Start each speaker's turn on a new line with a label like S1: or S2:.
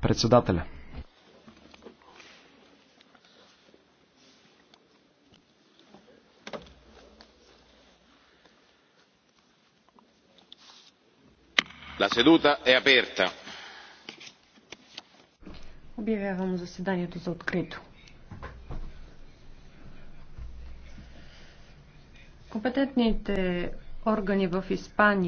S1: Председателя.
S2: La seduta è aperta.
S3: Обявявам заседанието за открито. Компетентните органи
S4: в Испания